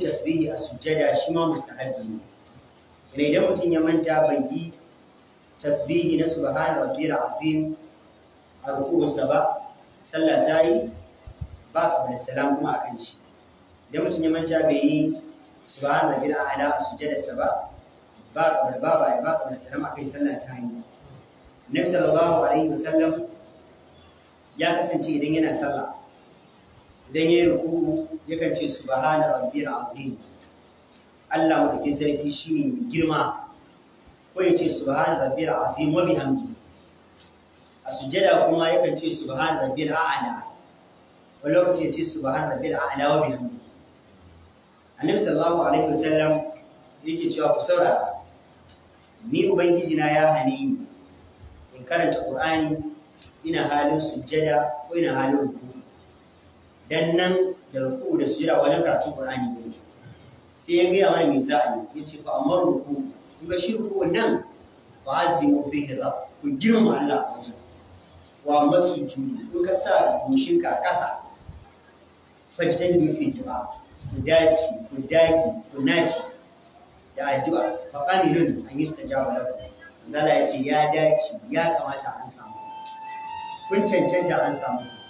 tasbihi a sujada shi ma mustahabi ne kina idan mutum ya manta bai yi tasbihi na subhana rabbil azim a ruku ba sallah ta yi ba da salam kuma akan shi idan mutum ya manta bai yi subhana rabbil a'la a saba, ba ba kabul ba ba ba kabul salam akan sallah ta yi Nabi sallallahu alaihi wasallam ya kasance idan yana sallah idan yayi ruku yakan ce subhana rabbil azim Allah madaukin sarki shine mai girma ko ya ce subhana rabbil azim wa bihamdi a sujjada kuma yakan ce subhana rabbil a'la wani lokaci ya ce subhana rabbil a'la wa bihamdi annabi sallallahu alaihi wasallam yake cewa ku saurara ni ubangiji na ya hane ni in karanta qur'ani ina halin sujjada ko ina halin ruku'i dan nan da ruku da sujada wajen karatun Qur'ani ne sai ya gaya mana me za a yi yace fa amma ruku in ga shi ruku nan fa azimu bihi rabb ku girma Allah a wajen wa masujudu in ka sa goshinka a ƙasa fajitan bi fi du'a ku dace ku dage ku nace da addu'a fa qanilun an yustajaba lakum Allah ya ce ya dace ya kamata an samu kun cancanta an samu